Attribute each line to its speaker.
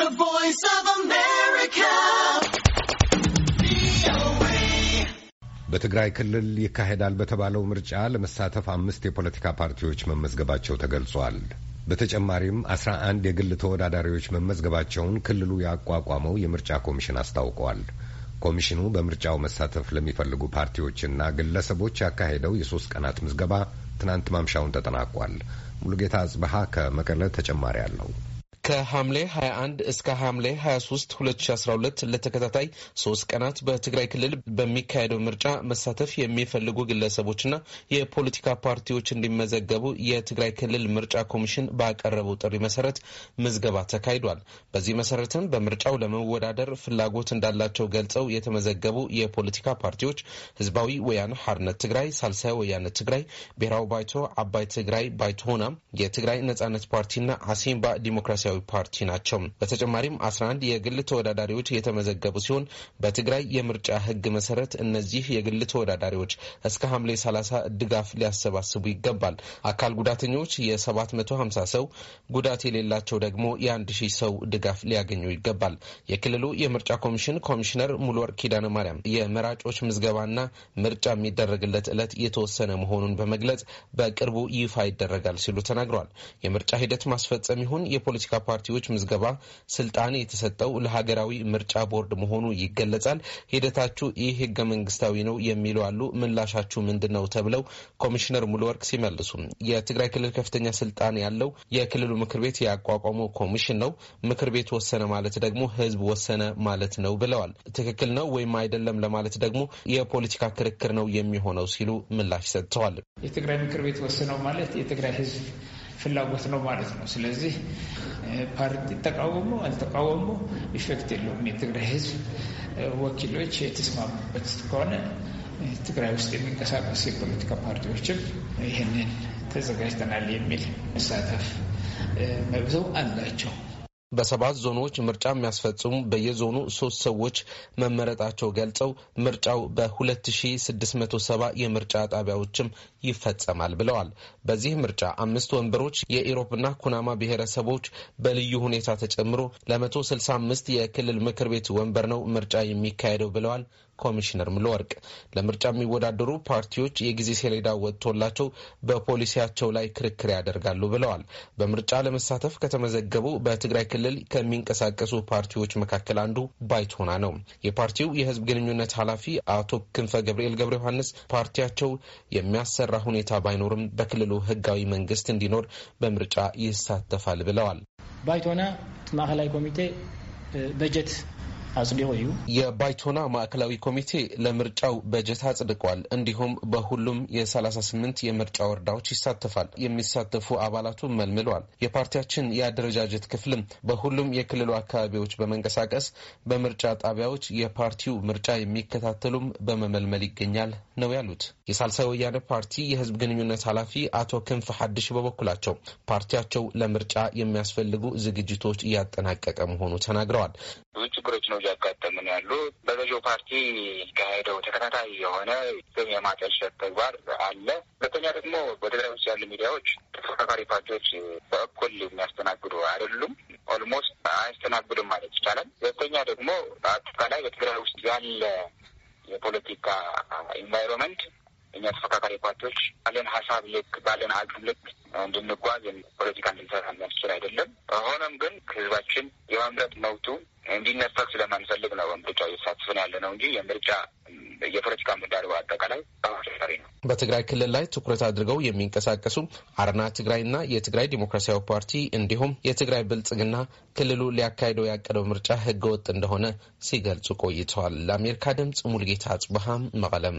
Speaker 1: The Voice of America.
Speaker 2: በትግራይ ክልል ይካሄዳል በተባለው ምርጫ ለመሳተፍ አምስት የፖለቲካ ፓርቲዎች መመዝገባቸው ተገልጿል። በተጨማሪም አስራ አንድ የግል ተወዳዳሪዎች መመዝገባቸውን ክልሉ ያቋቋመው የምርጫ ኮሚሽን አስታውቋል። ኮሚሽኑ በምርጫው መሳተፍ ለሚፈልጉ ፓርቲዎችና ግለሰቦች ያካሄደው የሶስት ቀናት ምዝገባ ትናንት ማምሻውን ተጠናቋል። ሙሉጌታ አጽበሃ ከመቀለ ተጨማሪ አለው።
Speaker 3: ከሐምሌ 21 እስከ ሐምሌ 23 2012 ለተከታታይ ሶስት ቀናት በትግራይ ክልል በሚካሄደው ምርጫ መሳተፍ የሚፈልጉ ግለሰቦችና የፖለቲካ ፓርቲዎች እንዲመዘገቡ የትግራይ ክልል ምርጫ ኮሚሽን ባቀረበው ጥሪ መሰረት ምዝገባ ተካሂዷል። በዚህ መሰረትም በምርጫው ለመወዳደር ፍላጎት እንዳላቸው ገልጸው የተመዘገቡ የፖለቲካ ፓርቲዎች ህዝባዊ ወያነ ሓርነት ትግራይ፣ ሳልሳይ ወያነ ትግራይ፣ ብሔራዊ ባይቶ፣ አባይ ትግራይ፣ ባይቶሆና፣ የትግራይ ነጻነት ፓርቲና አሲምባ ዲሞክራሲያዊ ፓርቲ ናቸው። በተጨማሪም 11 የግል ተወዳዳሪዎች የተመዘገቡ ሲሆን በትግራይ የምርጫ ህግ መሰረት እነዚህ የግል ተወዳዳሪዎች እስከ ሐምሌ 30 ድጋፍ ሊያሰባስቡ ይገባል። አካል ጉዳተኞች የ750 ሰው፣ ጉዳት የሌላቸው ደግሞ የ1000 ሰው ድጋፍ ሊያገኙ ይገባል። የክልሉ የምርጫ ኮሚሽን ኮሚሽነር ሙሉወርቅ ኪዳነ ማርያም የመራጮች ምዝገባና ምርጫ የሚደረግለት ዕለት የተወሰነ መሆኑን በመግለጽ በቅርቡ ይፋ ይደረጋል ሲሉ ተናግረዋል። የምርጫ ሂደት ማስፈጸም ይሁን የፖለቲካ ፓርቲዎች ምዝገባ ስልጣን የተሰጠው ለሀገራዊ ምርጫ ቦርድ መሆኑ ይገለጻል። ሂደታችሁ ይህ ህገ መንግስታዊ ነው የሚሉ አሉ። ምላሻችሁ ምንድን ነው ተብለው ኮሚሽነር ሙሉ ወርቅ ሲመልሱ የትግራይ ክልል ከፍተኛ ስልጣን ያለው የክልሉ ምክር ቤት ያቋቋመው ኮሚሽን ነው። ምክር ቤት ወሰነ ማለት ደግሞ ህዝብ ወሰነ ማለት ነው ብለዋል። ትክክል ነው ወይም አይደለም ለማለት ደግሞ የፖለቲካ ክርክር ነው የሚሆነው ሲሉ ምላሽ ሰጥተዋል።
Speaker 2: የትግራይ ምክር ቤት ወሰነው ማለት የትግራይ ህዝብ ፍላጎት ነው ማለት ነው። ስለዚህ ፓርቲ ተቃወሞ አልተቃወሞ ኢፌክት የለውም። የትግራይ ህዝብ ወኪሎች የተስማሙበት ከሆነ ትግራይ ውስጥ የሚንቀሳቀስ የፖለቲካ ፓርቲዎችም ይህንን ተዘጋጅተናል የሚል መሳተፍ መብተው አላቸው።
Speaker 3: በሰባት ዞኖች ምርጫ የሚያስፈጽሙ በየዞኑ ሶስት ሰዎች መመረጣቸው ገልጸው ምርጫው በ2670 የምርጫ ጣቢያዎችም ይፈጸማል ብለዋል። በዚህ ምርጫ አምስት ወንበሮች የኢሮብና ኩናማ ብሔረሰቦች በልዩ ሁኔታ ተጨምሮ ለ165 የክልል ምክር ቤት ወንበር ነው ምርጫ የሚካሄደው ብለዋል። ኮሚሽነር ምለወርቅ ለምርጫ የሚወዳደሩ ፓርቲዎች የጊዜ ሰሌዳ ወጥቶላቸው በፖሊሲያቸው ላይ ክርክር ያደርጋሉ ብለዋል። በምርጫ ለመሳተፍ ከተመዘገቡ በትግራይ ክልል ከሚንቀሳቀሱ ፓርቲዎች መካከል አንዱ ባይቶና ነው። የፓርቲው የህዝብ ግንኙነት ኃላፊ አቶ ክንፈ ገብርኤል ገብረ ዮሐንስ ፓርቲያቸው የሚያሰራ ሁኔታ ባይኖርም በክልሉ ህጋዊ መንግስት እንዲኖር በምርጫ ይሳተፋል ብለዋል።
Speaker 2: ባይቶና ማዕከላዊ ኮሚቴ
Speaker 3: በጀት አጽድቆ የባይቶና ማዕከላዊ ኮሚቴ ለምርጫው በጀት አጽድቋል። እንዲሁም በሁሉም የ38 የምርጫ ወረዳዎች ይሳተፋል። የሚሳተፉ አባላቱ መልምሏል። የፓርቲያችን የአደረጃጀት ክፍልም በሁሉም የክልሉ አካባቢዎች በመንቀሳቀስ በምርጫ ጣቢያዎች የፓርቲው ምርጫ የሚከታተሉም በመመልመል ይገኛል ነው ያሉት የሳልሳይ ወያነ ፓርቲ የህዝብ ግንኙነት ኃላፊ አቶ ክንፍ ሀድሽ በበኩላቸው ፓርቲያቸው ለምርጫ የሚያስፈልጉ ዝግጅቶች እያጠናቀቀ መሆኑ ተናግረዋል። ብዙ ችግሮች ነው እያጋጠምን ያሉ። በገዢው ፓርቲ ካሄደው
Speaker 1: ተከታታይ የሆነ ስም የማጠልሸት ተግባር አለ። ሁለተኛ ደግሞ በትግራይ ውስጥ ያሉ ሚዲያዎች ተፎካካሪ ፓርቲዎች በእኩል የሚያስተናግዱ አይደሉም። ኦልሞስት አያስተናግዱም ማለት ይቻላል። ሁለተኛ ደግሞ አጠቃላይ በትግራይ ውስጥ ያለ የፖለቲካ ኢንቫይሮንመንት እኛ ተፎካካሪ ፓርቲዎች ባለን ሀሳብ ልክ ባለን አቅም ልክ እንድንጓዝ ፖለቲካ እንድንሰራ የሚያስችል አይደለም። ሆኖም ግን ህዝባችን የመምረጥ መብቱ ያለ ነው እንጂ የምርጫ የፖለቲካ ምህዳሩ አጠቃላይ
Speaker 3: ተመሳሳሪ ነው። በትግራይ ክልል ላይ ትኩረት አድርገው የሚንቀሳቀሱ አረና ትግራይና የትግራይ ዲሞክራሲያዊ ፓርቲ እንዲሁም የትግራይ ብልጽግና ክልሉ ሊያካሂደው
Speaker 1: ያቀደው ምርጫ ህገወጥ እንደሆነ ሲገልጹ ቆይተዋል። ለአሜሪካ ድምጽ ሙልጌታ አጽብሃም መቀለም